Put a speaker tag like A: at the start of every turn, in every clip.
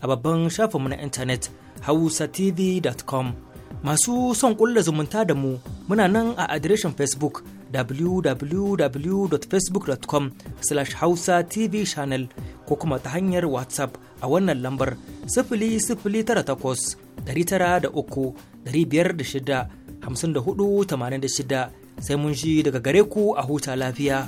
A: a babban shafin mu na intanet hausatv.com masu son kulla zumunta da mu muna nan a adireshin facebook www.facebook.com slash hausa tv channel ko kuma ta hanyar whatsapp a wannan lambar 00983 506 5486 sai mun ji daga gare ku a huta lafiya.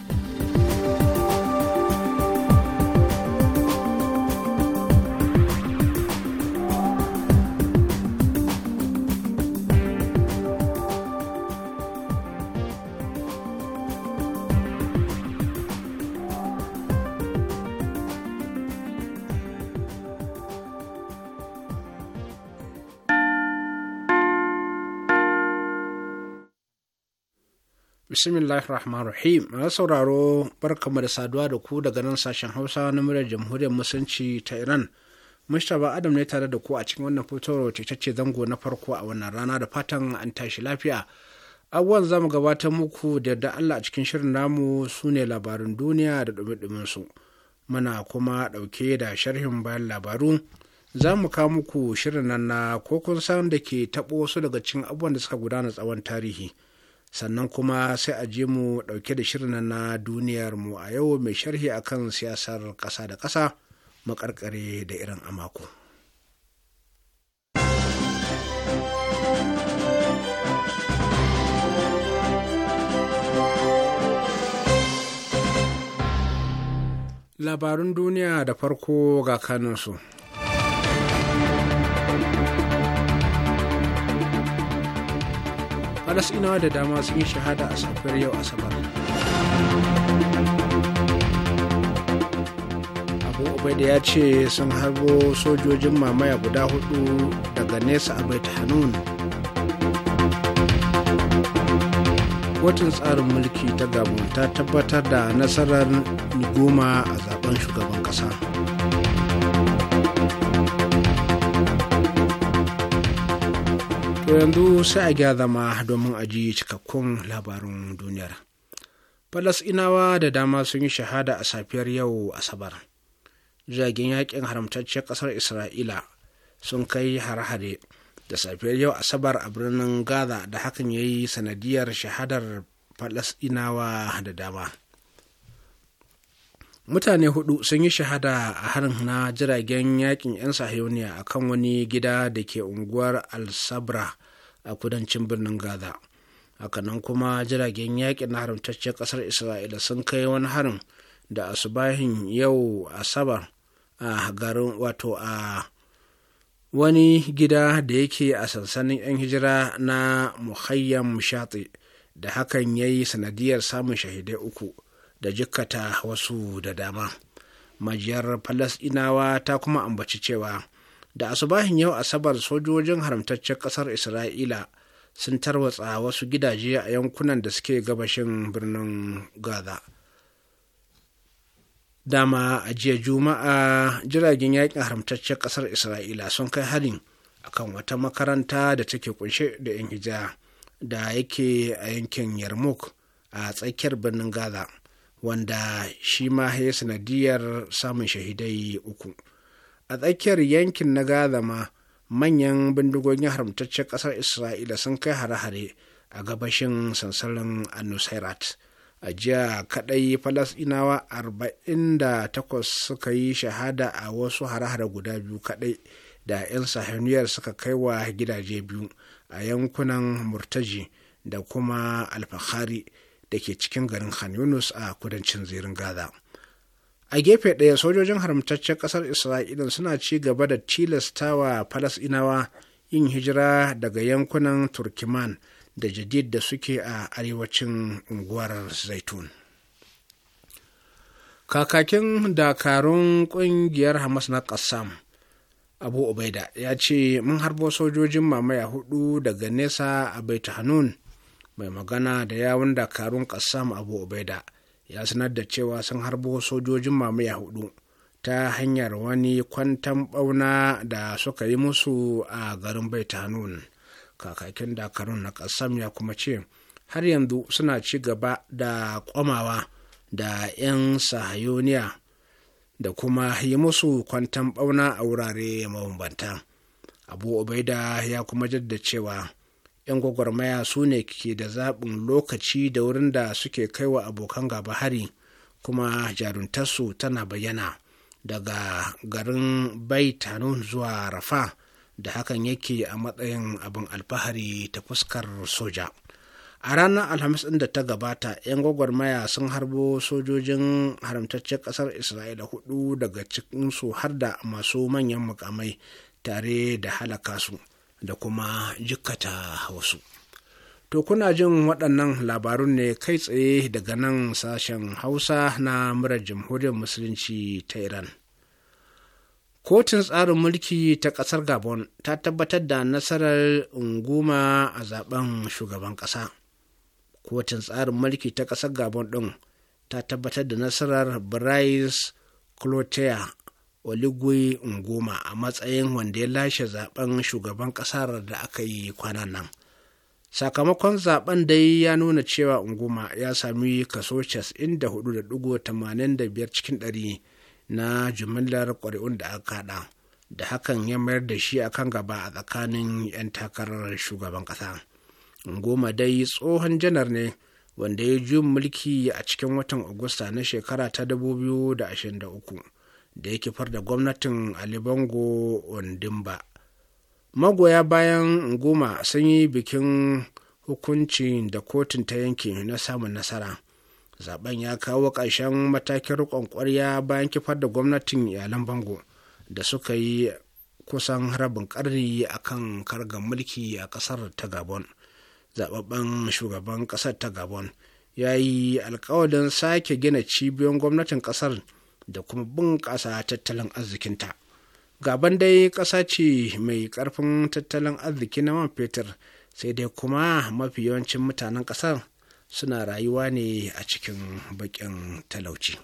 B: bismillah rahman rahim a sauraro barkamu da saduwa da ku daga nan sashen hausa na muryar jamhuriyar musulunci ta iran mustapha adam ne tare da ku a cikin wannan fitowar ce zango na farko a wannan rana da fatan an tashi lafiya abubuwan zamu gabatar muku da da allah a cikin shirin namu su ne labarin duniya da dumi su muna kuma ɗauke da sharhin bayan labaru za mu kawo muku shirin nan na kokon san da ke taɓo wasu daga cikin abubuwan da suka gudana tsawon tarihi sannan kuma sai a je mu ɗauke da shirin na duniyar mu a yau mai sharhi akan siyasar ƙasa da ƙasa makarkare da irin amako. labarun duniya da farko ga kanunsu falasɗinawa da dama sun yi shahada a safiyar yau asabar abu ubaida ya ce sun harbo sojojin mamaya guda hudu daga nesa a bait hanun kotun tsarin mulki ta gabon ta tabbatar da nasarar goma a zaben shugaban ƙasa. To yanzu sai a gyara zama domin a ji cikakkun labarin duniyar. Falasɗinawa da dama sun yi shahada a safiyar yau Asabar. Jiragen yakin haramtacciyar ƙasar Isra'ila sun kai hare-hare da safiyar yau Asabar a birnin Gaza da hakan ya yi sanadiyar shahadar Falasɗinawa da dama. mutane hudu sun yi shahada a harin na jiragen yakin 'yan sahiyoniya a kan wani gida da ke unguwar al-sabra a kudancin birnin gaza hakanan kuma jiragen yakin na haramtacciyar kasar isra'ila sun kai wani harin da asubahin yau asabar a garin wato a wani gida da yake a sansanin 'yan hijira na muhayyam shati da hakan ya yi sanadiyar samun shahidai uku da jikkata wasu da dama majiyar falasɗinawa ta kuma ambaci cewa da asubahin yau asabar sojojin haramtaccen ƙasar isra'ila sun tarwatsa wasu gidaje a yankunan da suke gabashin birnin gaza dama a jiya juma'a jiragen yakin haramtaccen ƙasar isra'ila sun kai harin akan wata makaranta da take kunshe da 'yan hijira da yake a yankin yarmouk a tsakiyar birnin gaza wanda shi ma ya sanadiyar samun shahidai uku a tsakiyar yankin na gaza ma manyan bindigogin haramtaccen ƙasar isra'ila sun kai hare-hare a gabashin sansanin anusairat a jiya kadai falasɗinawa 48 suka yi shahada a wasu hare-hare guda biyu kaɗai da 'yan sahaniyar suka kai wa gidaje biyu a yankunan murtaji da kuma alfahari da ke cikin garin Khan Yunus a kudancin zirin Gaza. A gefe ɗaya sojojin haramtaccen ƙasar Isra'ila suna ci gaba da tilastawa Falasɗinawa yin hijira daga yankunan Turkiman da Jadid da suke a arewacin unguwar Zaitun. Kakakin dakarun ƙungiyar Hamas na Qassam Abu Ubaida ya ce mun harbo sojojin mamaya hudu daga nesa a Baitu Hanun mai magana da yawun dakarun kassam abu ubaida ya sanar da cewa sun harbo sojojin mamaya hudu ta hanyar wani kwantan bauna da suka yi musu a garin baitanun kakakin dakarun na kassam ya kuma ce har yanzu suna ci gaba da kwamawa da 'yan sahayoniya da kuma yi musu kwantan bauna a wurare mabambanta abu ubaida ya kuma jaddacewa. cewa 'yan gwagwarmaya su ne ke da zaɓin lokaci da wurin da suke kaiwa abokan gaba hari kuma jaruntarsu tana bayyana daga garin baitanun zuwa rafa da hakan yake a matsayin abin alfahari ta fuskar soja a ranar alhamis ɗin da ta gabata 'yan gwagwarmaya sun harbo sojojin haramtaccen ƙasar isra'ila hudu daga cikinsu har da masu manyan mukamai tare da halaka su da kuma jikkata wasu to kuna jin waɗannan labarun ne kai tsaye daga nan sashen hausa na murar jamhuriyar musulunci ta iran kotun tsarin mulki ta ƙasar gabon ta tabbatar da nasarar unguma a zaben shugaban ƙasa kotun tsarin mulki ta ƙasar gabon ɗin ta tabbatar da nasarar Brice Clotier oligui ngoma a matsayin wanda ya lashe zaben shugaban kasar da aka yi kwanan nan sakamakon zaben dai ya nuna cewa ngoma ya sami kaso 94.85 cikin dari na jumillar ƙuri'un da aka haɗa da hakan ya mayar da shi akan gaba a tsakanin 'yan takarar shugaban ƙasa ngoma dai tsohon janar ne wanda ya juyin mulki a cikin watan agusta na shekara ta 2023 da ya kifar da gwamnatin alibango ondimba magoya bayan goma sun yi bikin hukuncin da kotun ta yanke na samun nasara zaben ya kawo ƙarshen matakin riƙon ƙwarya bayan kifar da gwamnatin iyalan bango da suka yi kusan rabin ƙarni a kan kargar mulki a ƙasar ta gabon zababben shugaban ƙasar ta gabon ya yi alkawalin sake gina cibiyoyin gwamnatin ƙasar da kuma bunƙasa tattalin arzikinta gaban dai ƙasa ce mai ƙarfin tattalin arziki na man fetur sai dai kuma mafi yawancin mutanen ƙasar suna rayuwa ne a cikin baƙin talauci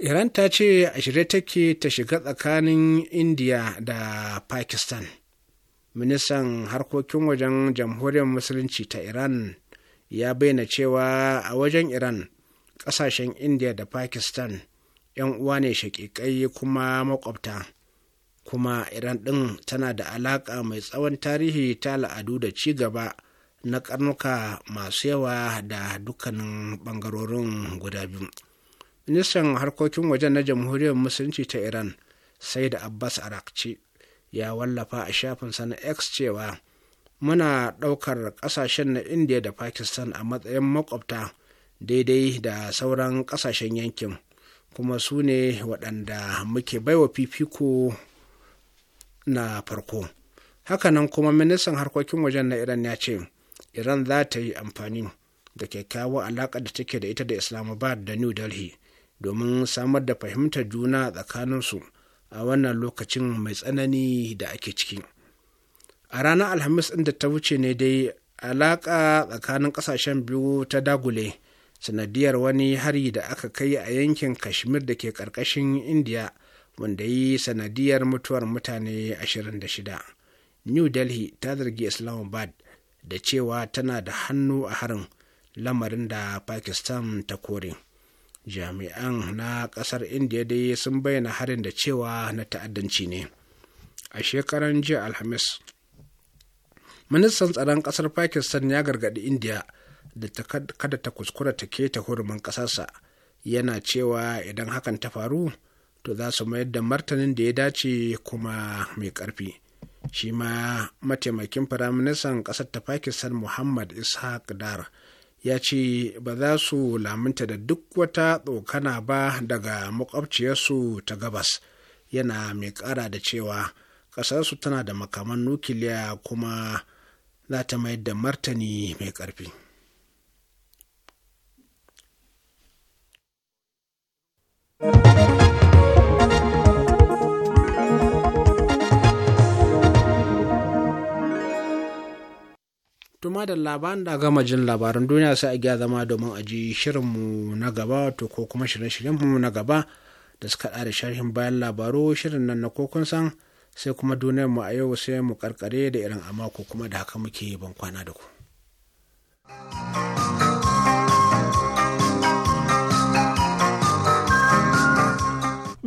B: iran ta ce a shirye take ta shiga tsakanin india da pakistan ministan harkokin wajen jamhuriyar musulunci ta iran ya bayyana cewa a wajen iran ƙasashen india da pakistan 'yan uwa ne shaƙiƙai kuma makwabta kuma iran ɗin tana da alaƙa mai tsawon tarihi ta al'adu da ci gaba na karnuka masu yawa da dukkanin ɓangarorin guda biyu ministan harkokin wajen na jamhuriyar musulunci ta iran sai da abbas arakci ya wallafa a shafin na x cewa muna ɗaukar ƙasashen na india da pakistan a matsayin makwabta daidai da sauran ƙasashen yankin kuma su ne waɗanda muke baiwa fifiko na farko hakanan kuma ministan harkokin wajen na iran ya ce iran za ta yi amfani da kyakkyawar alaƙa da take da ita da islamabad da new delhi domin samar da fahimtar juna tsakaninsu a wannan lokacin mai tsanani da ake ciki a ranar alhamis ɗin da ta wuce ne dai alaƙa tsakanin ƙasashen biyu ta dagule sanadiyar wani hari da aka kai a yankin kashmir da ke karkashin indiya wanda yi sanadiyar mutuwar mutane 26 new delhi ta zargi islamabad da cewa tana da hannu a harin lamarin da pakistan ta kore jami'an na kasar indiya dai sun bayyana harin da cewa na ta'addanci ne a shekaran jiya alhamis ministan tsaron kasar pakistan ya gargadi indiya da kada ta kuskura ta keta hurumin ƙasarsa yana cewa idan hakan ta faru to za su mayar da martanin da ya dace kuma mai ƙarfi shi ma mataimakin firaministan ƙasar ta pakistan muhammad ishaq dar ya ce ba za su lamunta da duk wata tsokana ba daga makwabciyarsu ta gabas yana mai ƙara da cewa ƙasarsu tana da makaman nukiliya kuma za ta mayar da martani mai ƙarfi Tuma da labaran da gama jin labaran duniya sai a gya zama domin a ji shirinmu na gaba to ko kuma shirye-shiryenmu na gaba da suka da sharhin bayan labaru shirin nan na kokon san sai kuma duniyarmu mu a yau sai mu karkare da irin amako kuma da haka muke ban kwana da ku.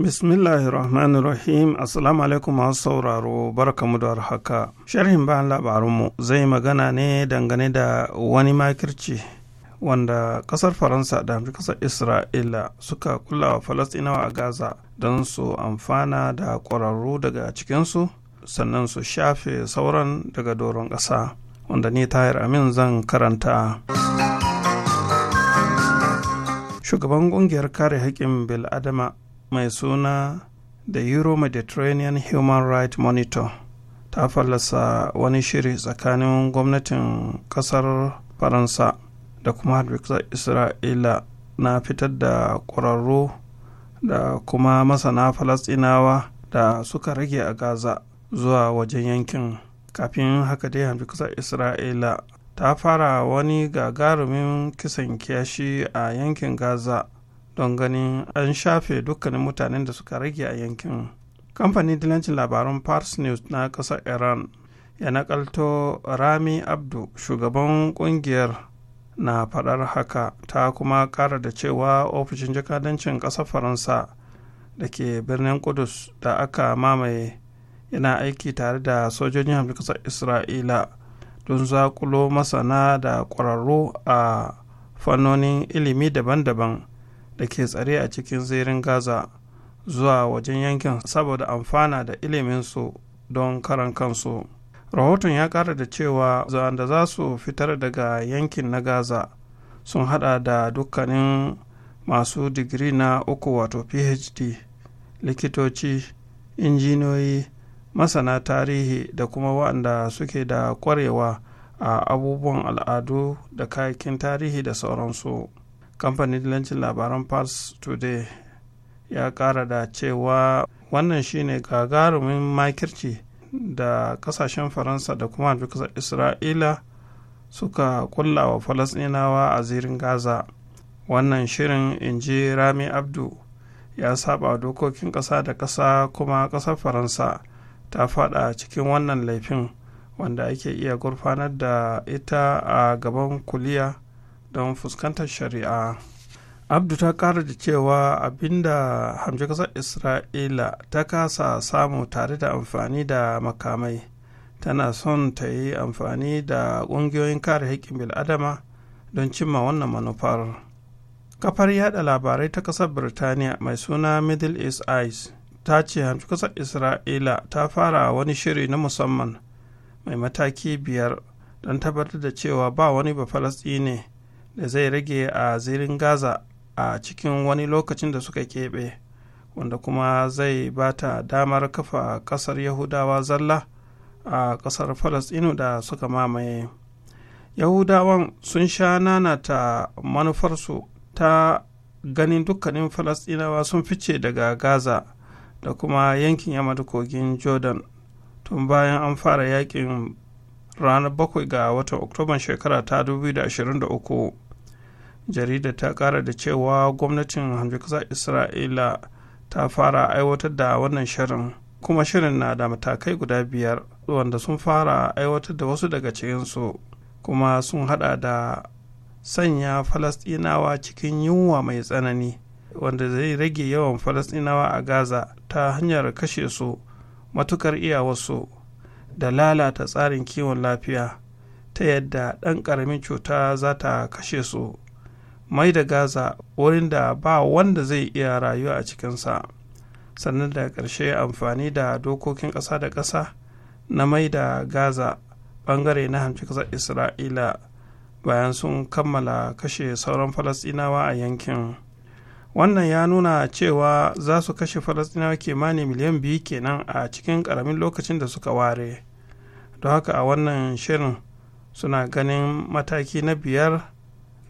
C: bismillahi Rahmanir Rahim Assalamu alaikum masu sauraro barkamu da haka. Sharhin bayan labarunmu zai magana ne dangane da wani makirci wanda kasar Faransa da kasar Isra'ila suka kula wa Falastinawa a Gaza don su amfana da ƙwararru daga cikinsu sannan su shafe sauran daga doron ƙasa wanda ni tahir amin zan karanta. shugaban kungiyar kare haƙƙin bil'adama mai suna the euro mediterranean human rights monitor ta fallasa wani shiri tsakanin gwamnatin kasar faransa da kuma harbiksar isra'ila na fitar da ƙwararru da kuma masana falasɗinawa da suka rage a gaza zuwa wajen yankin kafin haka dai harbiksar isra'ila ta fara wani gagarumin kisan kiyashi a yankin gaza don ganin an shafe dukkanin mutanen da suka rage a yankin kamfanin dilancin labarun pars news na ƙasar iran ya nakalto rami abdu shugaban kungiyar na faɗar haka ta kuma ƙara da cewa ofishin jakadancin ƙasar faransa da ke birnin kudus da aka mamaye yana aiki tare da sojojin hamsin ƙasar isra'ila don zakulo masana da ƙwararru a fannonin ilimi daban-daban da ke tsare a cikin zirin gaza zuwa wajen yankin saboda amfana da iliminsu don karan kansu rahoton ya kara da cewa da za su fitar daga yankin na gaza sun hada da dukkanin masu digiri na uku wato phd likitoci injiniyoyi masana tarihi da kuma waɗanda suke da kwarewa a abubuwan al'adu da kayakin tarihi da sauransu. kamfanin dilancin labaran pars today ya kara da cewa wannan shine gagarumin makirci da kasashen faransa da kuma kasar isra'ila suka kulla wa falasinawa a zirin gaza wannan shirin inji rami abdu ya saba dokokin kasa da kasa kuma ƙasar faransa ta fada cikin wannan laifin wanda ake iya gurfanar da ita a gaban kuliya don fuskantar shari'a abdu ta kara da cewa abinda hamshe kasar isra'ila ta kasa samu tare da amfani da makamai tana son ta yi amfani da ƙungiyoyin kare haƙƙin bil'adama don cimma wannan manufar kafar yada labarai ta ƙasar birtaniya mai suna middle east eyes ta ce hamshe kasar isra'ila ta fara wani shiri na musamman mai mataki biyar don tabbatar da cewa ba wani ba ne da zai rage a zirin gaza a cikin wani lokacin da suka keɓe wanda kuma zai ba ta damar kafa ƙasar yahudawa zalla a ƙasar falasɗinu da suka mamaye yahudawan sun sha nanata manufarsu ta ganin dukkanin falasɗinawa sun fice daga gaza da kuma yankin yamma da kogin jordan tun bayan an fara yakin ranar 7 ga watan oktoban shekara ta 2023 jarida ta kara da cewa gwamnatin hamdukasar isra'ila ta fara aiwatar da wannan shirin kuma shirin na da matakai guda biyar wanda sun fara aiwatar da wasu daga cikinsu kuma sun hada da sanya falastinawa cikin yunwa mai tsanani wanda zai rage yawan falastinawa a gaza ta hanyar kashe su matukar iyawarsu da lalata tsarin kiwon lafiya ta yadda ɗan ƙaramin cuta za ta kashe su mai da gaza wurin da ba wanda zai iya rayuwa a cikinsa sannan da ƙarshe amfani da dokokin ƙasa da ƙasa na mai da gaza ɓangare na hamci ƙasar isra'ila bayan sun kammala kashe sauran falasɗinawa a yankin wannan ya nuna cewa za su kashe falasɗinawa kimanin miliyan biyu kenan a cikin ƙaramin lokacin da suka ware don haka a wannan shirin suna ganin mataki na biyar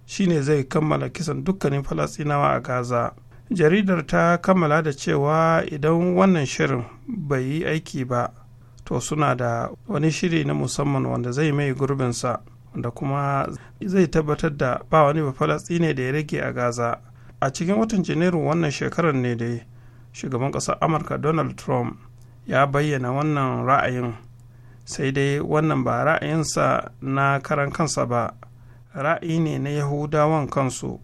C: shine zai kammala kisan dukkanin falasinawa a gaza jaridar ta kammala da cewa idan wannan shirin bai yi aiki ba to suna da wani shiri na musamman wanda zai mai gurbinsa wanda kuma zai tabbatar da ba wani ba falastine da ya rage a gaza a cikin watan janairu wannan shekarar ne dai shugaban ƙasar amurka donald trump ya bayyana wannan ra'ayin sai dai wannan ba ra'ayinsa na karan kansa ba ra'ayi ne na yahudawan kansu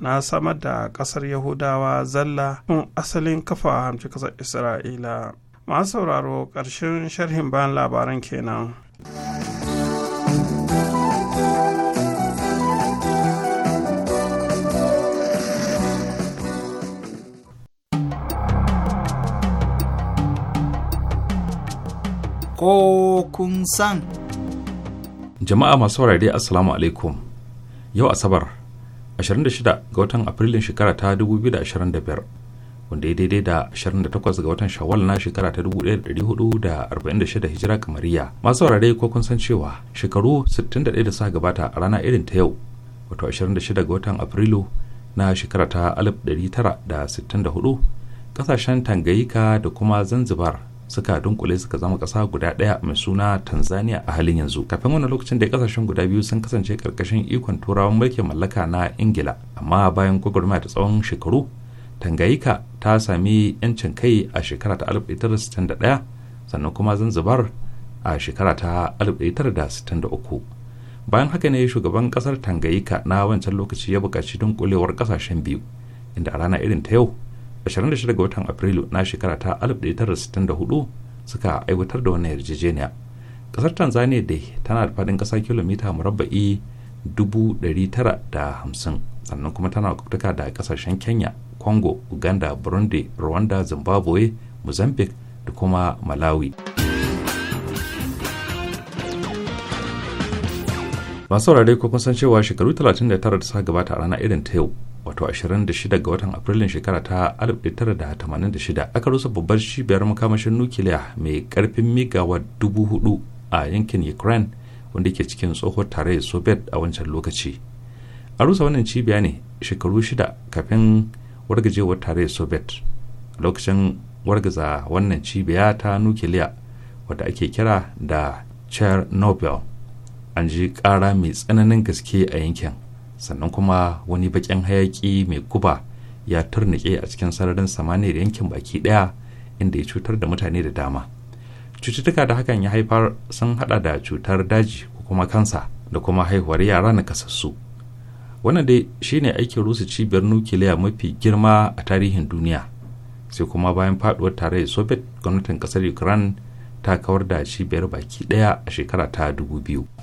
C: na samar da ƙasar yahudawa zalla tun asalin kafa hamci ƙasar isra'ila masu sauraro ƙarshen sharhin bayan labaran kenan.
D: ko kun san.
E: jama'a masu saurari assalamu alaikum yau asabar 26 ga watan afrilun shekara ta 2025 wanda ya daidai da 28 ga watan shawwal na shekara ta 1446 hijira kamariya masu saurari ko kun san cewa shekaru 61 da suka gabata a rana irin ta yau wato 26 ga watan afrilu na shekara ta 1964 kasashen tangayika da kuma zanzibar suka dunkule suka zama ƙasa guda ɗaya mai suna tanzania a halin yanzu kafin wani lokacin da ƙasashen guda biyu sun kasance ƙarƙashin ikon turawan mulkin mallaka na ingila amma bayan gwagwarmaya ta tsawon shekaru tangayika ta sami 'yancin kai a shekara ta 1961 sannan kuma zanzibar a shekara ta 1963 bayan haka ne shugaban ƙasar tangayika na wancan lokaci ya buƙaci dunkulewar ƙasashen biyu inda a rana irin ta yau 26 ga watan Afrilu na shekara ta 1964 suka aiwatar da wannan yarjejeniya. kasar Tanzania dai tana da faɗin ƙasa kilomita murabba'i 950 sannan kuma tana kutuka da ƙasashen Kenya, Congo, Uganda, Burundi, Rwanda, Zimbabwe, Mozambique da kuma Malawi. masu saurare ko kun san cewa shekaru 39 da suka gabata a rana irin ta yau wato 26 ga watan afrilun shekara ta 1986 aka rusa babbar cibiyar makamashin nukiliya mai karfin migawa 4,000 a yankin ukraine wanda ke cikin tsohon tarayyar soviet a wancan lokaci a rusa wannan cibiya ne shekaru shida kafin wargajewar tarayyar soviet a lokacin wargaza wannan cibiya ta nukiliya wadda ake kira da chernobyl an ji kara mai tsananin gaske a yankin sannan kuma wani baƙin hayaƙi mai guba ya turnike a cikin sararin samaniyar yankin baki ɗaya inda ya cutar da mutane da dama cututtuka da hakan ya haifar sun hada da cutar daji ko kuma kansa da kuma haihuwar yara na kasassu wannan dai shine aikin rusa cibiyar nukiliya mafi girma a tarihin duniya sai kuma bayan faduwar tarayyar soviet gwamnatin kasar ukraine ta kawar da cibiyar baki daya a shekara ta 2000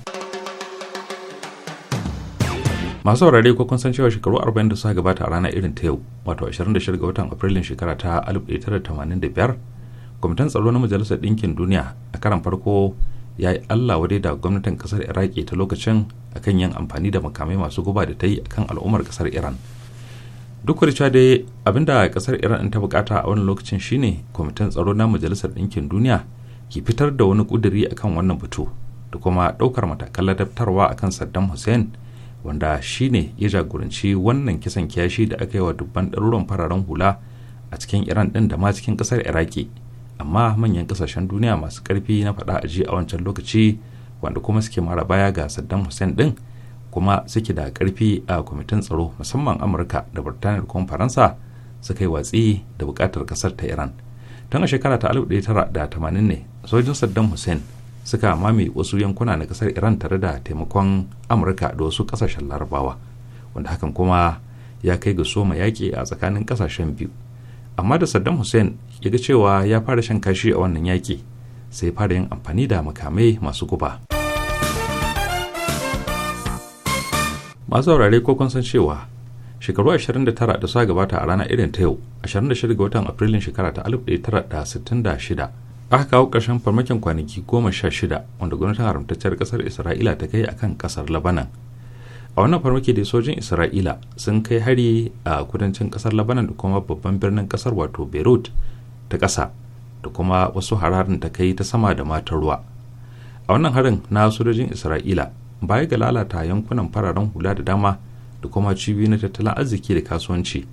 E: masu saurare ko kun san cewa shekaru 40 da suka gabata a ranar irin ta yau wato 26 ga watan afrilun shekara ta 1985 kwamitin tsaro na majalisar ɗinkin duniya a karan farko ya yi allah wadai da gwamnatin kasar iraki ta lokacin akan yin amfani da makamai masu guba da ta yi kan al'ummar kasar iran duk da cewa dai abinda kasar iran ta bukata a wani lokacin shine kwamitin tsaro na majalisar ɗinkin duniya ki fitar da wani kuduri akan wannan batu da kuma ɗaukar matakan ladabtarwa akan saddam hussein wanda shi ne ya jagoranci wannan kisan kiyashi da aka yi wa dubban ɗaruran fararen hula a cikin iran ɗin da ma cikin ƙasar iraki amma manyan ƙasashen duniya masu ƙarfi na faɗa a ji a wancan lokaci wanda kuma suke mara baya ga saddam hussein ɗin kuma suke da ƙarfi a kwamitin tsaro musamman amurka da birtaniya da kuma faransa suka yi watsi da buƙatar ƙasar ta iran tun a shekara ta 1980 ne sojin saddam hussein suka mame wasu yankuna na kasar iran tare da taimakon amurka da wasu kasashen larabawa wanda hakan kuma ya kai ga soma yaƙi a tsakanin kasashen biyu amma da saddam hussein ya ga cewa ya fara shan kashi a wannan yaƙi sai fara yin amfani da makamai masu guba masu saurare ko kun san cewa shekaru 29 da suka gabata a rana irin ta yau 26 ga watan afrilun shekara ta 1966 aka kawo ƙarshen farmakin kwanaki goma sha shida wanda gwamnatin haramtacciyar ƙasar isra'ila ta kai akan ƙasar labanan a wannan farmaki da sojin isra'ila sun kai hari a kudancin ƙasar labanan da kuma babban birnin ƙasar wato beirut ta ƙasa da kuma wasu hararin ta kai ta sama da matar ruwa a wannan harin na sojojin isra'ila baya ga lalata yankunan fararen hula da dama da kuma cibiyoyi na tattalin arziki da kasuwanci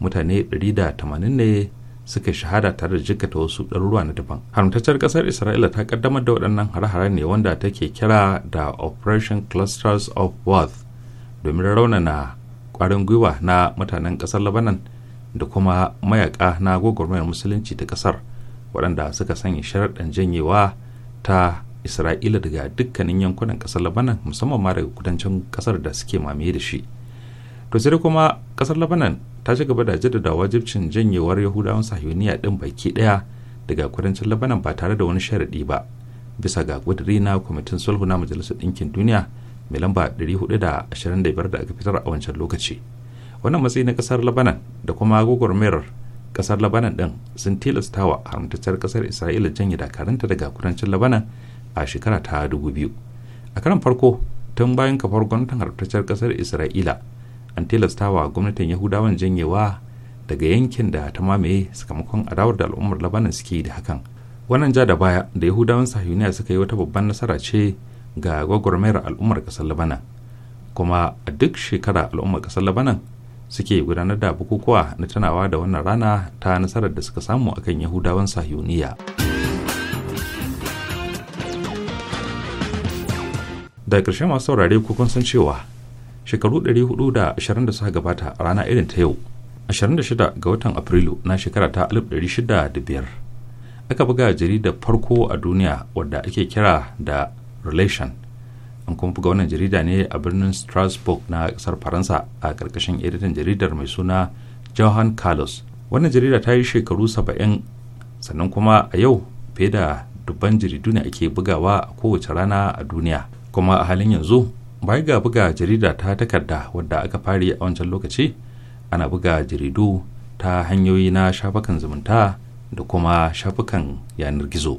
E: mutane 180 ne suka shahada tare da jikata wasu ɗaruruwa na daban haramtaccen ƙasar isra'ila ta kaddamar da waɗannan hare-hare ne wanda take kira da operation clusters of worth domin raunana ƙwarin gwiwa na mutanen ƙasar labanan da kuma mayaƙa na gwagwarmayar musulunci ta ƙasar waɗanda suka sanya sharaɗin janyewa ta isra'ila daga dukkanin yankunan ƙasar labanan musamman ma daga kudancin ƙasar da suke mamaye da shi to kuma kasar labanan ta ci gaba da jaddada wajibcin janyewar yahudawan sahiyoniya din baki daya daga kudancin labanan ba tare da wani sharadi ba bisa ga kudiri na kwamitin sulhu na majalisar ɗinkin duniya mai lamba 425 da aka fitar a wancan lokaci wannan matsayi na kasar labanan da kuma gwagwarmayar kasar labanan din sun tilasta wa haramtacciyar kasar isra'ila janye dakarunta daga kudancin labanan a shekara ta 2000 a karan farko tun bayan kafar gwamnatin haramtacciyar kasar isra'ila an tilastawa gwamnatin yahudawan janyewa daga yankin da ta mamaye sakamakon adawar da al'ummar labanan suke da hakan wannan ja da baya da yahudawan sahiyuniya suka yi wata babban nasara ce ga gwagwarmayar al'ummar kasar labanan kuma a duk shekara al'ummar kasar labanan suke gudanar da bukukuwa na tunawa da wannan rana ta nasarar da suka samu akan yahudawan sahiyuniya da ƙarshe masu saurare kun san cewa shekaru 420 da suka gabata a rana irin ta yau 26 ga watan afrilu na shekara ta 1605 aka buga jaridar farko a duniya wadda ake kira da relation an kuma buga wannan jarida ne a birnin strasbourg na kasar faransa a karkashin editan jaridar mai suna johan carlos wannan jarida ta yi shekaru 70 sannan kuma a yau fiye da dubban jaridu ne ake bugawa a kowace rana a duniya kuma a halin yanzu bai ga buga jarida ta takarda wadda aka fari a wancan lokaci ana buga jaridu ta hanyoyi na shafukan zumunta da kuma shafukan yanar gizo.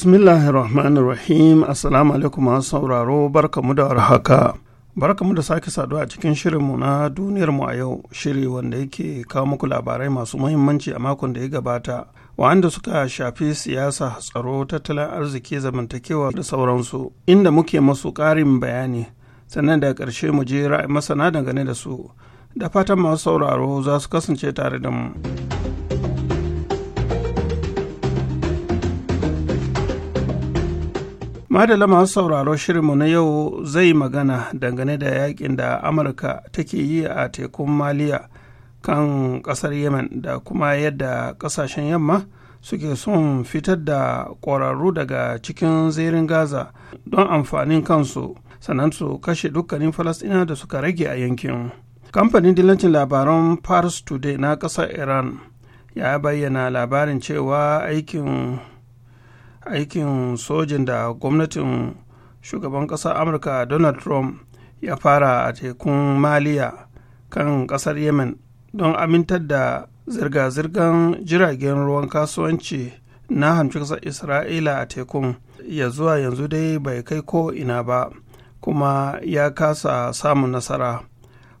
C: bismillahirrahmanirrahim rahim assalamu alaikum masu sauraro barkamu da warhaka barkamu da sake saduwa a cikin shirinmu na duniyar mu a yau shiri wanda yake kawo muku labarai masu muhimmanci a makon da ya gabata wa'anda suka shafi siyasa tsaro tattalin arziki zamantakewa da sauransu inda muke masu ƙarin bayani sannan da ƙarshe mu je ra'ayi masana dangane da su da fatan masu sauraro za su kasance tare da mu. madala masu sauraro shirinmu na yau zai magana dangane da yakin da amurka take yi a tekun maliya kan kasar yemen da kuma yadda kasashen yamma suke son fitar da ƙwararru daga cikin zirin gaza don amfanin kansu sannan su kashe dukkanin falasɗina da suka rage a yankin kamfanin dillancin labaran paris today na ƙasar iran ya bayyana labarin cewa aikin aikin sojin da gwamnatin shugaban ƙasar amurka donald trump ya fara a tekun maliya kan ƙasar yemen don amintar da zirga-zirgar jiragen ruwan kasuwanci na hamshin ƙasar isra'ila a tekun ya zuwa yanzu dai bai kai ko ina ba kuma ya kasa samun nasara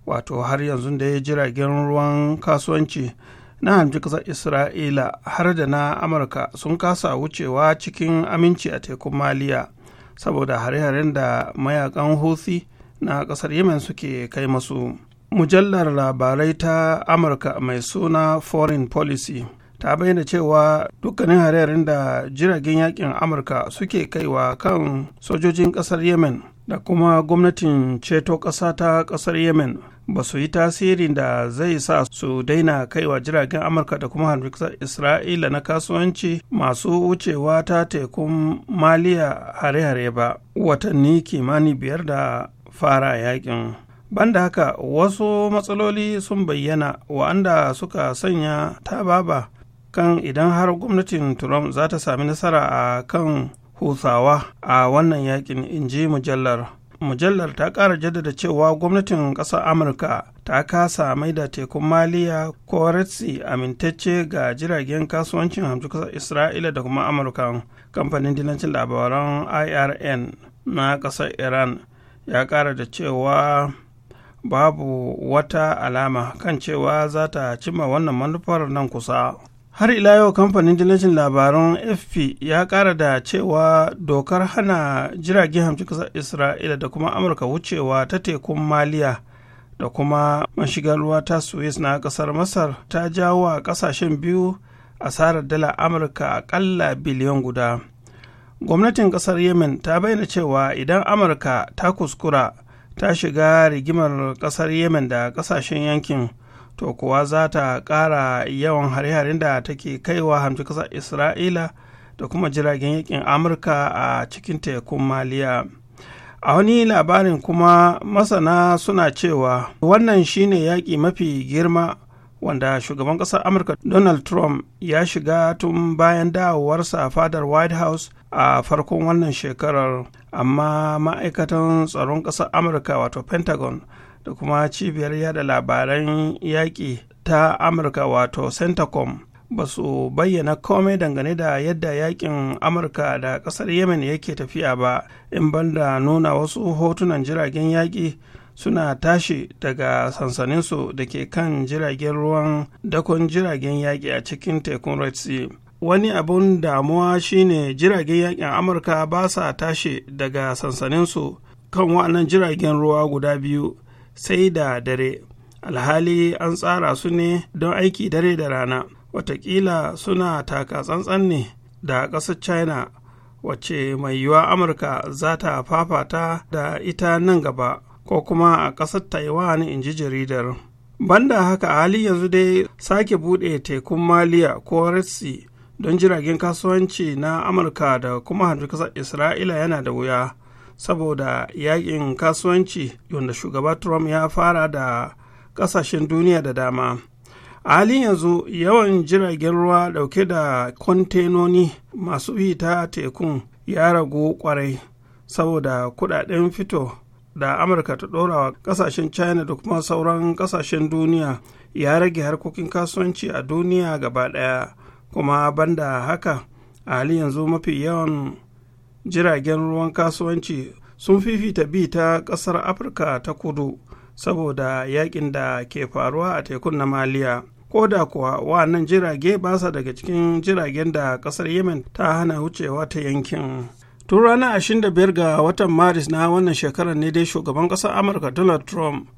C: wato har yanzu da jiragen ruwan kasuwanci na hamji ƙasar isra'ila har da na amurka sun kasa wucewa cikin aminci a tekun maliya saboda hare-haren da mayakan houthi na ƙasar yemen suke kai masu mujallar labarai ta amurka mai suna foreign policy ta bayyana cewa dukkanin hare da jiragen yakin amurka suke kaiwa kan sojojin kasar yemen da kuma gwamnatin ceto ƙasa ta ƙasar yemen ba su yi tasirin da zai sa su daina kaiwa jiragen amurka da kuma harfikar isra'ila na kasuwanci masu wucewa ta tekun maliya hare-hare ba watanni kimani biyar da fara yakin banda haka wasu matsaloli sun bayyana wa'anda suka sanya ta baba kan idan har gwamnatin trump za ta sami nasara a kan husawa a wannan yakin in ji mujallar mujallar ta ƙara jaddada cewa gwamnatin ƙasar amurka ta kasa mai da tekun maliya ko retsi amintacce ga jiragen kasuwancin hamsin ƙasar isra'ila da kuma amurka kamfanin dinancin labaran irn na ƙasar iran ya ƙara da cewa babu wata alama kan cewa za ta cimma wannan manufar nan kusa har ila yau kamfanin dillacin labaran fp ya kara da cewa dokar hana jiragen hamshi kasar isra'ila da kuma amurka wucewa ta tekun maliya da kuma mashigar ruwa ta suez na kasar masar ta jawo a kasashen biyu asarar dala amurka akalla biliyon guda gwamnatin kasar yemen ta bayyana cewa idan amurka ta kuskura ta shiga rigimar kasar yemen da kasashen yankin to kuwa za ta ƙara yawan hare-haren da take kaiwa hamci ƙasar isra'ila da kuma jiragen yakin amurka a cikin tekun maliya a wani labarin kuma masana suna cewa wannan shine yaƙi mafi girma wanda shugaban ƙasar amurka donald trump ya shiga tun bayan dawowarsa fadar white house a farkon wannan shekarar amma ma'aikatan tsaron ƙasar amurka wato pentagon da kuma cibiyar yada labaran yaƙi ta amurka wato centacom ba su bayyana komai dangane da yadda yakin amurka da ƙasar yemen yake tafiya ba in banda nuna wasu hotunan jiragen yaƙi suna tashi daga sansaninsu da ke kan jiragen ruwan dakon jiragen yaƙi a cikin tekun red sea wani abun damuwa shine jiragen yakin amurka ba sa tashi daga sansaninsu kan waɗannan jiragen ruwa guda biyu sai da dare alhali an tsara su ne don aiki dare da rana Wataƙila suna taka tsantsan ne da ƙasar china wacce mai yiwuwa amurka za ta fafata da ita nan gaba ko kuma a ƙasar taiwan in ji jaridar banda haka hali yanzu dai sake buɗe tekun maliya ko sea don jiragen kasuwanci na amurka da kuma kasar isra'ila yana da wuya saboda yakin kasuwanci wanda shugaba trump ya fara da kasashen duniya da dama a halin yanzu yawan jiragen ruwa dauke da kwantenoni masu bi ta tekun ya ragu kwarai saboda kudaden fito da amurka ta dora wa kasashen china da kuma sauran kasashen duniya ya rage harkokin kasuwanci a duniya gaba daya kuma banda haka a halin yanzu mafi yawan jiragen ruwan kasuwanci sun fifita bi ta ƙasar afirka ta kudu saboda yakin da ke faruwa a tekun na maliya ko da kuwa wannan jirage ba sa daga cikin jiragen da ƙasar yemen ta hana wucewa ta yankin tun ranar 25 ga watan maris na wannan shekarar ne dai shugaban ƙasar amurka donald trump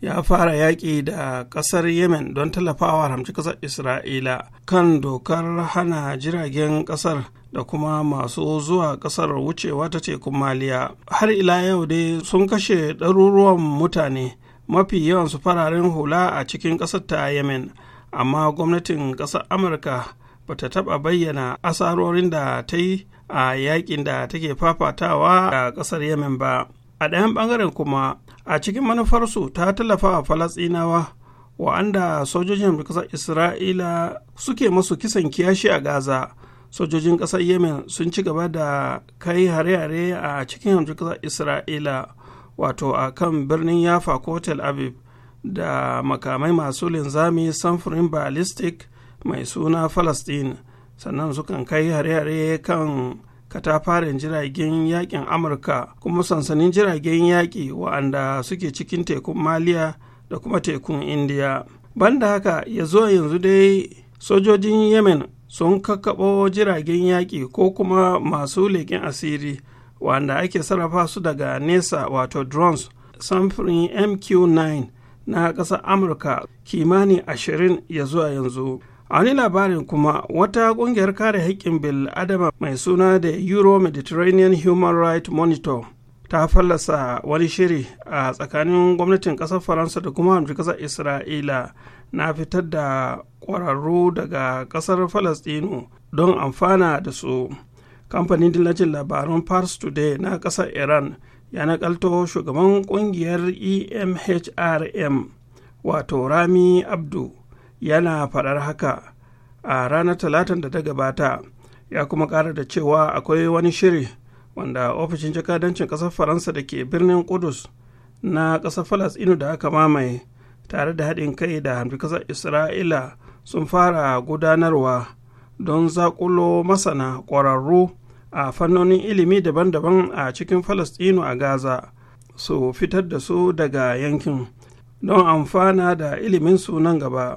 C: ya fara yaƙi da ƙasar yemen don tallafawa haramci ƙasar isra'ila kan dokar hana jiragen ƙasar da kuma masu zuwa kasar wucewa ta tekun maliya har ila yau dai sun kashe ɗaruruwan mutane mafi yawan su fararen hula a cikin ƙasar ta yemen amma gwamnatin ƙasar amurka ba ta taɓa bayyana asarorin da ta yi a yakin da take fafatawa a ƙasar yemen ba a ɗayan ɓangaren kuma a cikin manufarsu ta tallafa wa Falasinawa, wa'anda sojojin ƙasar isra'ila suke masu kisan kiyashi a gaza sojojin ƙasar yemen sun ci gaba da kai hare-hare a cikin yanzu ƙasar isra'ila wato a kan birnin yafa ko tel aviv da makamai masu linzami samfurin ballistic mai suna falastin sannan sukan kai hare-hare kan katafaren jiragen yakin amurka kuma sansanin jiragen yaƙi wa'anda suke cikin tekun maliya da kuma tekun indiya banda haka ya zo yanzu dai sojojin yemen sun kakkaɓo jiragen yaƙi ko kuma masu leƙen asiri wanda ake sarrafa su daga nesa wato drones samfurin mq9 na ƙasar amurka kimanin ashirin ya zuwa yanzu a wani labarin kuma wata ƙungiyar kare haƙƙin bil adama mai suna da euro mediterranean human rights monitor ta fallasa wani shiri a tsakanin gwamnatin ƙasar faransa da kuma ƙasar isra'ila na fitar da ƙwararru daga ƙasar falastinu don amfana da su kamfanin dillacin labarun pars today na ƙasar iran ya nakalto shugaban ƙungiyar emhrm wato rami abdu yana faɗar haka a ranar talatin da ta gabata ya kuma ƙara da cewa akwai wani shiri wanda ofishin jakadancin ƙasar faransa da ke birnin kudus na ƙasar falasɗinu da aka mamaye tare da haɗin kai da hamdukasar isra'ila sun fara gudanarwa don zaƙulo masana ƙwararru a fannonin ilimi daban-daban a cikin falastinu a gaza su fitar da su daga yankin don amfana da iliminsu nan gaba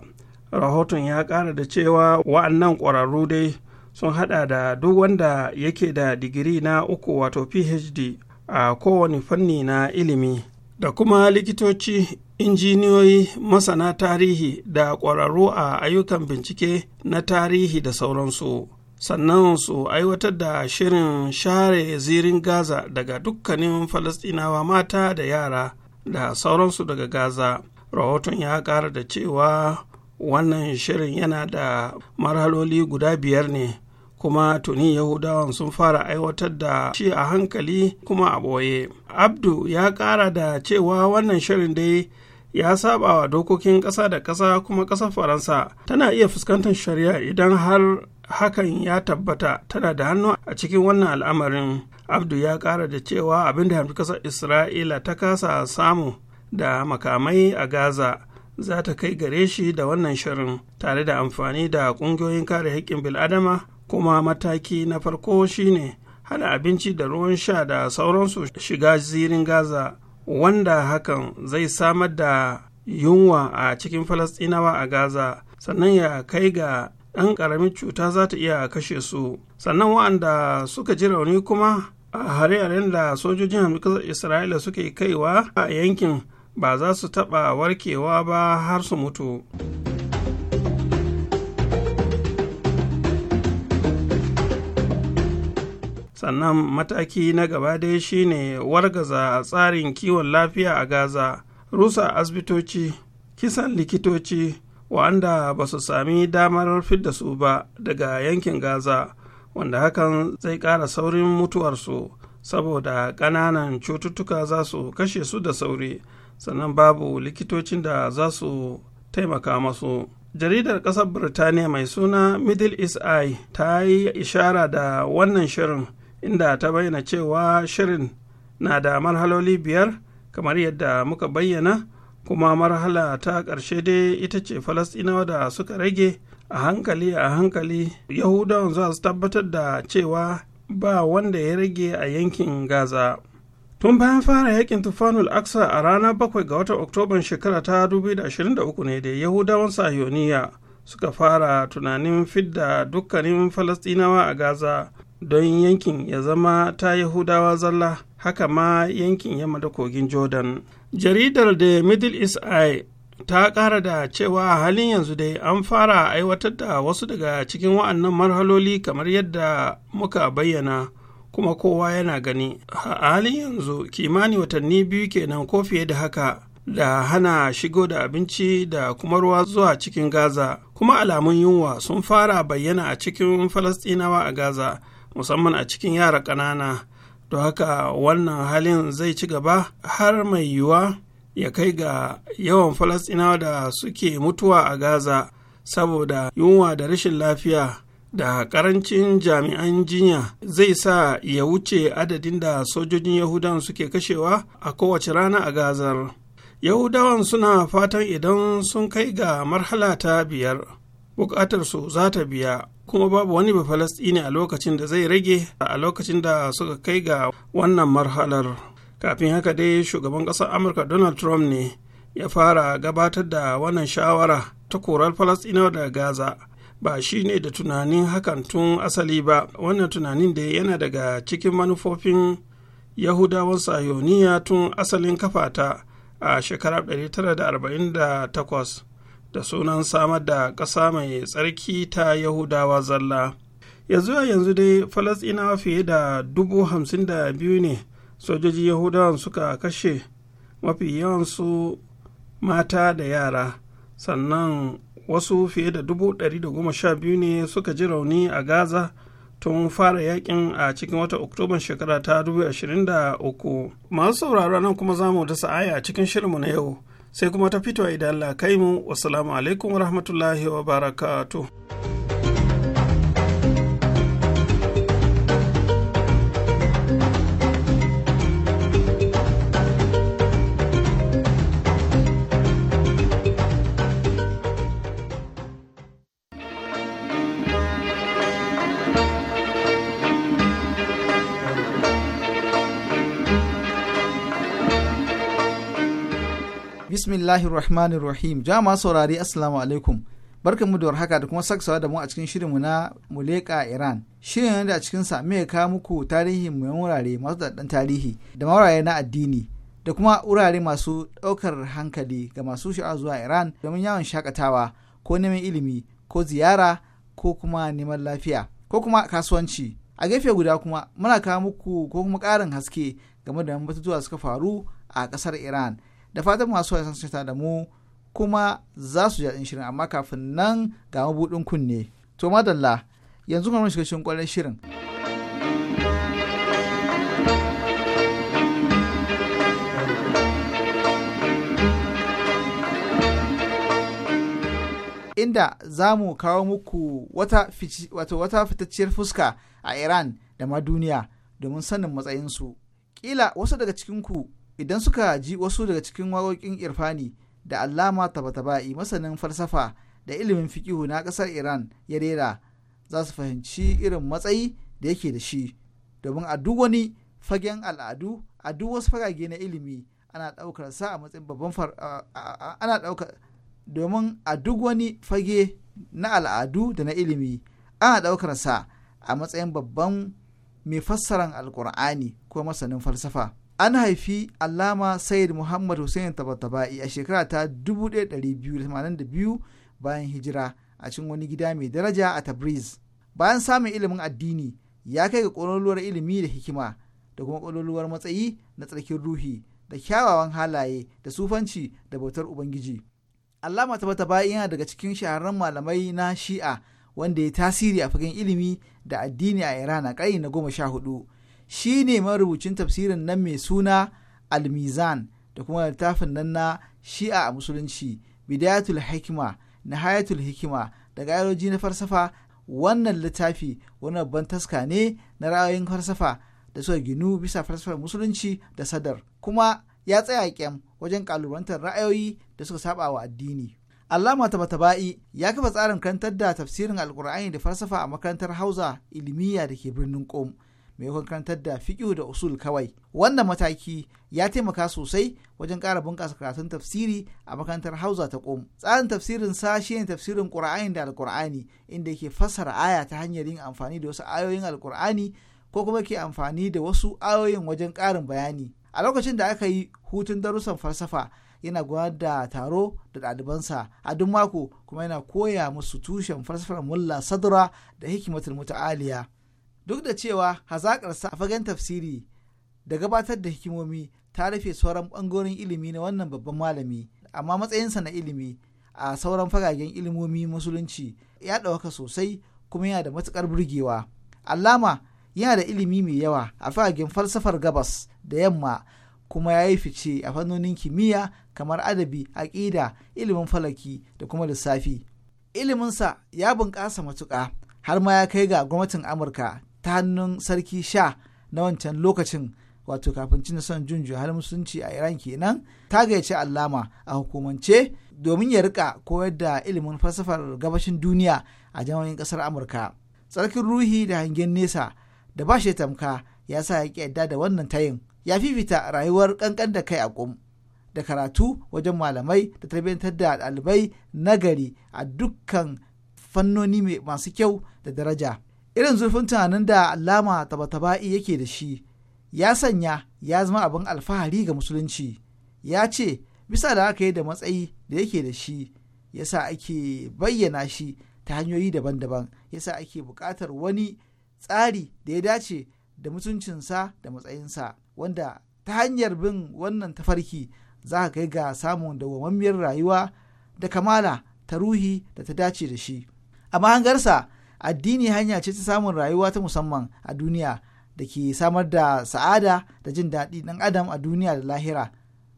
C: rahoton ya ƙara da cewa wa'annan ƙwararru dai sun haɗa da duk wanda yake da digiri na uku wato phd a kowane fanni na ilimi da kuma likitoci injiniyoyi masana tarihi da ƙwararru a ayyukan bincike na tarihi da sauransu sannan su aiwatar da shirin share zirin gaza daga dukkanin Falasɗinawa mata da yara da sauransu daga gaza rahoton ya ƙara da cewa wannan shirin yana da marhaloli guda biyar ne kuma tuni Yahudawa sun fara aiwatar da shi a hankali kuma a ɓoye abdu ya ƙara da cewa wannan shirin dai ya saba wa dokokin ƙasa da ƙasa kuma ƙasar faransa tana iya fuskantar shari'a idan har hakan ya tabbata tana da hannu a cikin wannan al'amarin abdu ya ƙara da cewa abin da ƙasar isra'ila ta kasa samu da makamai a gaza za ta kai gare shi da wannan shirin tare da amfani da ƙungiyoyin kare haƙƙin bil'adama kuma mataki na farko shine haɗa abinci da ruwan sha da sauransu shiga zirin gaza wanda hakan zai samar da yunwa a cikin falastinawa a gaza sannan ya kai ga ɗan ƙaramin cuta za ta iya kashe su sannan waɗanda suka ji rauni kuma a hare-haren da sojojin hamdukasar isra'ila suke kaiwa a yankin ba za su taɓa warkewa ba har su mutu. sannan mataki na gaba dai shine wargaza tsarin kiwon lafiya a gaza rusa asibitoci kisan likitoci wa'anda ba su sami damar fidda su ba daga yankin gaza wanda hakan zai ƙara saurin mutuwarsu saboda ƙananan cututtuka za su kashe su da sauri sannan babu likitocin da za su taimaka masu jaridar ƙasar birtaniya mai suna middle east eye ta yi ishara da wannan shirin inda ta bayyana cewa shirin na da marhaloli biyar kamar yadda muka bayyana kuma marhala ta ƙarshe dai ita ce falasɗinawa da suka rage a hankali a hankali yahudawan za su tabbatar da cewa ba wanda ya rage a yankin gaza tun bayan fara yakin tufanul aksa a ranar 7 ga watan oktoban shekara ta 2023 ne da yahudawan sayoniya suka fara tunanin fidda dukkanin falasɗinawa a gaza don yankin ya zama ta yahudawa zalla haka ma yankin ya da kogin jordan jaridar da middle east eye ta ƙara da cewa halin yanzu dai an fara aiwatar da wasu daga cikin wa'annan marhaloli kamar yadda muka bayyana kuma kowa yana gani a halin yanzu kimanin watanni biyu kenan ko fiye da haka da hana shigo da abinci da kuma ruwa zuwa cikin gaza kuma alamun yunwa sun fara bayyana a cikin falasɗinawa a gaza musamman a cikin yara ƙanana don haka wannan halin zai ci gaba har mai yiwuwa ya kai ga yawan falastinawa da suke mutuwa a gaza saboda yunwa da rashin lafiya da karancin jami'an jinya zai sa ya wuce adadin da sojojin yahudan suke kashewa a kowace rana a gazar yahudawan suna fatan idan sun kai ga marhala ta biyar bukatarsu za ta biya kuma babu wani bafalastini a lokacin da zai rage a lokacin da suka kai ga wannan marhalar kafin haka dai shugaban ƙasar amurka donald trump ne ya fara gabatar da wannan shawara ta korar falastinawa da gaza ba shi ne da tunanin hakan tun asali ba wannan tunanin da yana daga cikin manufofin yahudawan sayoniya tun asalin kafata a shekarar 1948 da sunan samar da ƙasa mai tsarki ta yahudawa zalla yanzu a yanzu dai falasɗinawa fiye da dubu hamsin da biyu ne sojoji yahudawan suka kashe mafi yawansu mata da yara sannan wasu fiye da dubu ɗari da goma sha biyu ne suka ji rauni a gaza tun fara yakin a cikin wata oktoban shekara ta dubu ashirin da uku. masu sauraro nan kuma zamu mu sa'aya a cikin shirinmu na yau sai kuma ta fito idan Allah kai mu wasu alaikum wa rahmatullahi wa barakatuh
D: bismillahir rahmanir rahim jama saurari assalamu alaikum barkan mu da warhaka da kuma saksawa da mu a cikin shirinmu na muleka iran shirin yana da cikin sa me kawo muku tarihi mai wurare masu daɗin tarihi da mauraye na addini da kuma wurare masu ɗaukar hankali ga masu sha'a zuwa iran domin yawon shakatawa ko neman ilimi ko ziyara ko kuma neman lafiya ko kuma kasuwanci a gefe guda kuma muna kawo muku ko kuma ƙarin haske game da batutuwa suka faru a kasar iran da fatan masu wasan sun da mu kuma za su ji shirin amma kafin nan ga mabuɗin kunne to madalla yanzu kuma shiga cikin kwallon shirin inda za mu kawo muku wata, wata fitacciyar fuska a iran da ma duniya domin sanin matsayinsu kila wasu daga cikinku idan suka ji wasu daga cikin waƙoƙin irfani da allama tabatabai masanin falsafa da ilimin fikihu na ƙasar iran ya rera za su fahimci irin matsayi da yake da shi domin a duk wani fagen al'adu a duk wasu fagage na ilimi ana ɗaukar sa a matsayin babban ana ɗaukar domin a duk wani fage na al'adu da na ilimi ana ɗaukar sa a matsayin babban mai fassaran alkur'ani ko masanin falsafa an haifi allama sayyid muhammad hussein tabatabai a shekara ta 1282 bayan hijira a cikin wani gida mai daraja a tabriz bayan samun ilimin addini ya kai ga ƙololuwar ilimi da hikima da kuma ƙololuwar matsayi na tsarkin ruhi da kyawawan halaye da sufanci da bautar ubangiji allama tabatabai yana daga cikin shahararren malamai na shi'a wanda ya tasiri a fagen ilimi da addini a iran a na goma sha hudu shi ne marubucin tafsirin nan mai suna almizan da kuma littafin nan na shi'a a musulunci bidayatul hikima Hayatul hikima da ƙa'idoji na farsafa wannan littafi wani babban taska ne na ra'ayoyin farsafa da suka ginu bisa farsafar musulunci da sadar kuma ya tsaya kyam wajen kalubantar ra'ayoyi da suka saba wa addini Allama ba'i ya kafa tsarin karantar da tafsirin Alkur'ani da falsafa a makarantar Hausa Ilimiyya da ke birnin Qom maimakon karantar da fiƙihu da usul kawai wannan mataki ya taimaka sosai wajen ƙara bunƙasa karatun tafsiri a makarantar hausa ta ƙom tsarin tafsirin sa ne tafsirin ƙur'ani da alƙur'ani inda yake fassara aya ta hanyar yin amfani da wasu ayoyin alƙur'ani ko kuma ke amfani da wasu ayoyin wajen ƙarin bayani a lokacin da aka yi hutun darussan falsafa yana gudanar da taro da ɗalibansa a duk mako kuma yana koya musu tushen falsafar mulla sadura, da hikimatul muta'aliya duk da cewa hazaƙarsa a fagen tafsiri da gabatar da hikimomi ta rufe sauran bangoren ilimi na wannan babban malami amma matsayinsa na ilimi a sauran fagagen ilimomi musulunci ya ɗauka sosai kuma yana da matuƙar burgewa allama yana da ilimi mai yawa a fagagen falsafar gabas da yamma kuma ya yi fice a fannonin kimiyya kamar adabi aƙida ilimin falaki da kuma lissafi iliminsa ya bunƙasa matuƙa har ma ya kai ga gwamnatin amurka ta hannun sarki sha na wancan lokacin wato kafin cin son jun juhal musulunci a iran kenan ta gayyaci allama a hukumance domin ya rika koyar da ilimin falsafar gabashin duniya a jami'in kasar amurka tsarkin ruhi da hangen nesa da ba shi tamka ya sa ya yadda da wannan tayin ya fifita rayuwar kankan da kai a kum da karatu wajen malamai da tarbiyyantar da ɗalibai nagari a dukkan fannoni masu kyau da daraja irin zurfin tunanin da alama tabataba'i yake da shi ya sanya ya zama abin alfahari ga musulunci ya ce bisa da aka yi da matsayi da yake da shi ya sa ake bayyana shi ta hanyoyi daban-daban ya sa ake buƙatar wani tsari da ya dace da mutuncinsa da matsayinsa wanda ta hanyar bin wannan tafarki za ka kai ga samun dawamammiyar rayuwa da kamala ta ruhi da ta dace da shi a mahangarsa addini hanya ce ta samun rayuwa ta musamman a duniya da ke samar da sa'ada da jin daɗi ɗan adam a duniya da lahira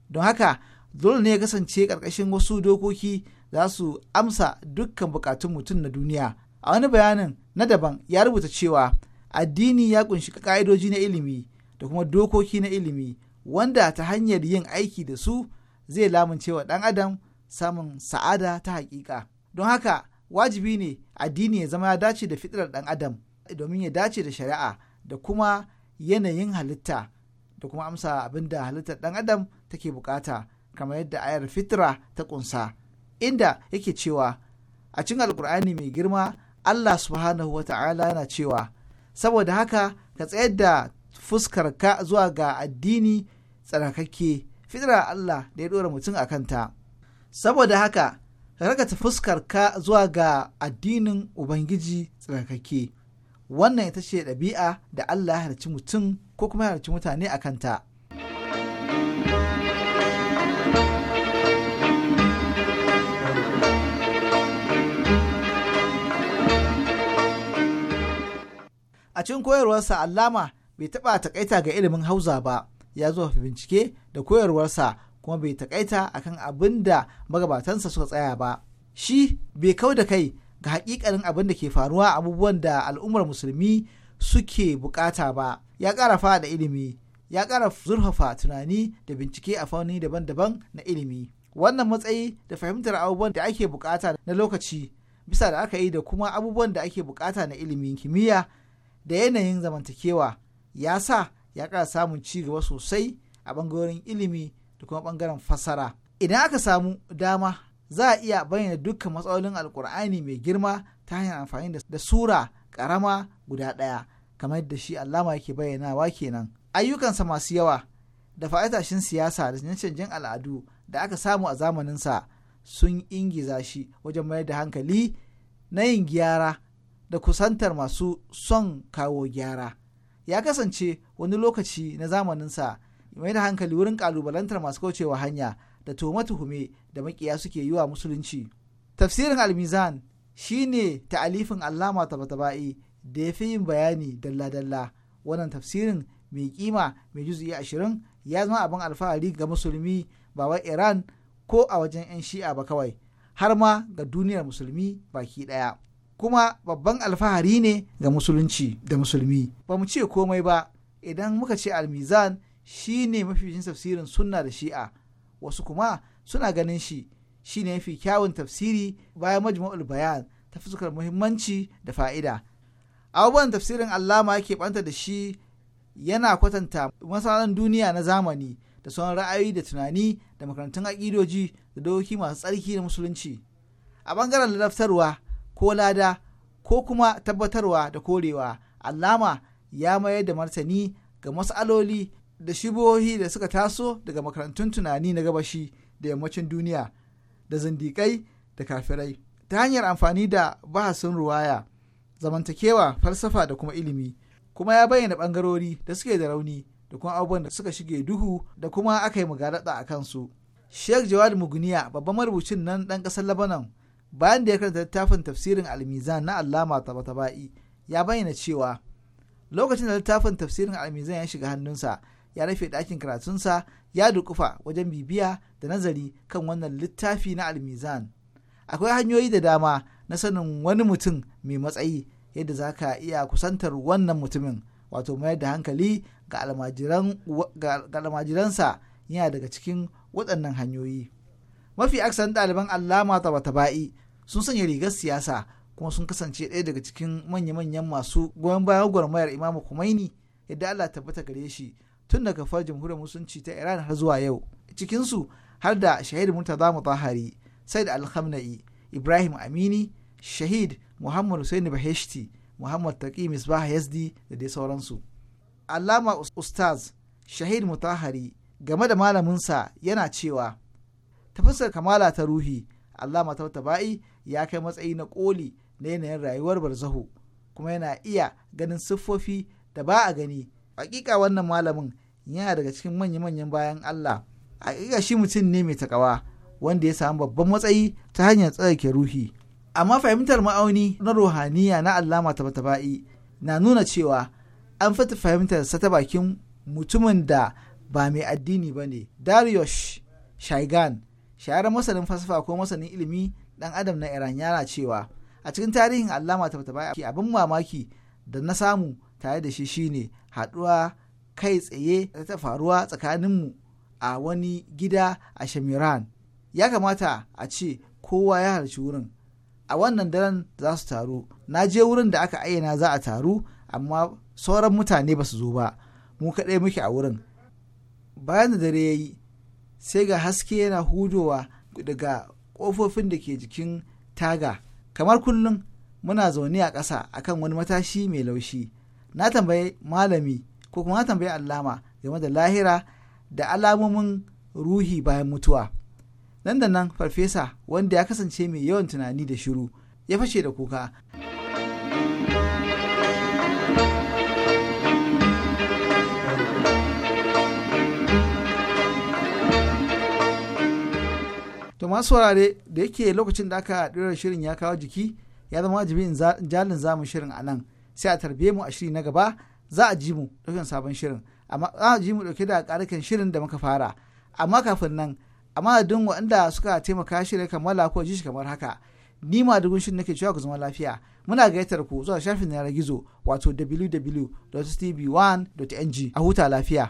D: don haka dole ne ya kasance ƙarƙashin wasu dokoki za su amsa dukkan buƙatun mutum na duniya a wani bayanin na daban ya rubuta cewa addini ya ƙunshi ƙa'idoji na ilimi da kuma dokoki na ilimi wanda ta hanyar yin aiki da su zai cewa ɗan adam samun sa'ada ta haƙiƙa don haka wajibi ne addini ya zama ya dace da fitilar ɗan adam domin ya dace da shari'a da kuma yanayin halitta da kuma amsa abin da halittar ɗan adam take bukata kamar yadda ayar fitra ta kunsa inda yake cewa a cikin alkur'ani mai girma allah subhanahu wa ta'ala yana cewa saboda haka ka tsayar da fuskar ka zuwa ga addini tsarkake fitrar allah da ya ɗora mutum a kanta saboda haka fuskar ka zuwa ga addinin ubangiji tsarkake wannan ita ce ɗabi'a da allah ya harci mutum ko kuma ya harci mutane a kanta a cikin koyarwarsa allama bai taɓa takaita ga ilimin hauza ba ya zo bincike da koyarwarsa kuma bai takaita akan abin da magabatansa suka tsaya ba shi bai kau da kai ga hakikalin abin da ke faruwa abubuwan da al'ummar musulmi suke bukata ba ya kara fa da ilimi ya kara zurfafa tunani da bincike a fauni daban-daban na ilimi wannan matsayi da fahimtar abubuwan da ake bukata na lokaci bisa da aka yi da kuma abubuwan da ake bukata na ilimin kimiyya da yanayin zamantakewa ya sa ya kara samun ci gaba sosai a bangarorin ilimi da kuma ɓangaren fasara idan aka samu dama za a iya bayyana dukkan matsalolin alkur'ani mai girma ta hanyar amfani da sura karama guda ɗaya kamar yadda shi allama yake bayyanawa kenan ayyukansa masu yawa da fa'itashin siyasa da canjin al'adu da aka samu a zamaninsa sun ingiza shi wajen mayar da hankali na yin gyara da kusantar masu son kawo gyara ya kasance wani lokaci na zamaninsa mai da hankali wurin kalubalantar masu kaucewa hanya da tuhume-tuhume da makiya suke yi wa musulunci. Tafsirin almizan shine ta'alifin allama tabataba'i da ya fi yin bayani dalla-dalla wannan tafsirin mai kima mai juzu'i ashirin ya zama abin alfahari ga musulmi ba wai iran ko a wajen 'yan shi'a ba kawai har ma ga duniyar musulmi baki ɗaya. kuma babban alfahari ne ga musulunci da musulmi ba mu ce komai ba idan muka ce almizan shi ne mafificin tafsirin sunna da shi'a wasu kuma suna ganin shi shi ne mafi kyawun tafsiri bayan majmu'ul bayan ta fuskar muhimmanci da fa'ida abubuwan tafsirin allama yake banta da shi yana kwatanta masalan duniya na zamani da sauran ra'ayoyi da tunani da makarantun aƙidoji da dokoki masu tsarki na musulunci a ɓangaren ladaftarwa ko lada ko kuma tabbatarwa da korewa allama ya mayar da martani ga matsaloli da shibohi da suka taso daga makarantun tunani na gabashi da yammacin duniya da zindikai da kafirai ta hanyar amfani da bahasin ruwaya zamantakewa falsafa da kuma ilimi kuma ya bayyana bangarori, da suke da rauni da kuma abubuwan da suka shige duhu da kuma aka yi mugadada a kansu sheikh jawad muguniya babban marubucin nan ɗan ƙasar labanan bayan da ya karanta littafin tafsirin almizan na allama tabatabai ya bayyana cewa lokacin da littafin tafsirin almizan ya shiga hannunsa ya rufe ɗakin karatunsa ya dukufa wajen bibiya da nazari kan wannan littafi na almizan akwai hanyoyi da dama na sanin wani mutum mai matsayi yadda za ka iya kusantar wannan mutumin wato mayar da hankali ga almajiransa yana daga cikin waɗannan hanyoyi mafi aksan ɗaliban allama ba'i sun sanya rigar siyasa kuma sun kasance ɗaya daga cikin manya-manyan masu goyon bayan gwarmayar imamu kumaini yadda allah tabbata gare shi tun daga far jamhuriyar musulunci ta iran har zuwa yau cikinsu har da shahid murtaza mutahari said alhamna'i ibrahim amini shahid muhammad hussein baheshti muhammad taqi misbah yazdi da dai sauransu alama ustaz shahid mutahari game da malaminsa yana cewa tafasar kamala ta ruhi allama tautaba'i ya kai matsayi na koli na yanayin rayuwar barzahu kuma yana iya ganin siffofi da ba a gani hakika wannan malamin yana daga cikin manya-manyan bayan Allah hakika shi mutum ne mai takawa wanda ya samu babban matsayi ta hanyar ke ruhi amma fahimtar ma'auni na ruhaniya na allama tabataba'i na nuna cewa an fita fahimtar sa ta bakin mutumin da ba mai addini ba ne darius shaigan shahararren masanin falsafa ko masanin ilimi dan adam na iran yana cewa a cikin tarihin allama tabataba'i abin mamaki da na samu tare da shi shine haɗuwa kai tsaye da ta faruwa tsakaninmu a wani gida a shamiran ya kamata a ce kowa ya halarci wurin a wannan daren za su taru na je wurin da aka ayyana za a taru amma sauran mutane ba su zo ba mu kaɗai muke a wurin bayan da dare ya yi sai ga haske yana hudowa daga ƙofofin da ke jikin taga kamar kullum muna zaune a ƙasa akan wani matashi mai laushi na tambayi malami ko kuma na tambayi allama game da lahira da alamomin ruhi bayan mutuwa nan da nan farfesa wanda ya kasance mai yawan tunani da shiru ya fashe da kuka to masu wurare da yake lokacin da aka ɗora shirin ya kawo jiki ya zama wajibi in jalin zamu shirin a nan sai a tarbe mu a shiri na gaba za a ji mu ɗaukin sabon shirin amma za a ji mu ɗauke da ƙarikan shirin da muka fara amma kafin nan a madadin waɗanda suka taimaka shirya kammala ko ji shi kamar haka ni ma dugun shirin nake cewa ku zama lafiya muna gayyatar ku zuwa shafin yanar gizo wato www.tv1.ng a huta lafiya.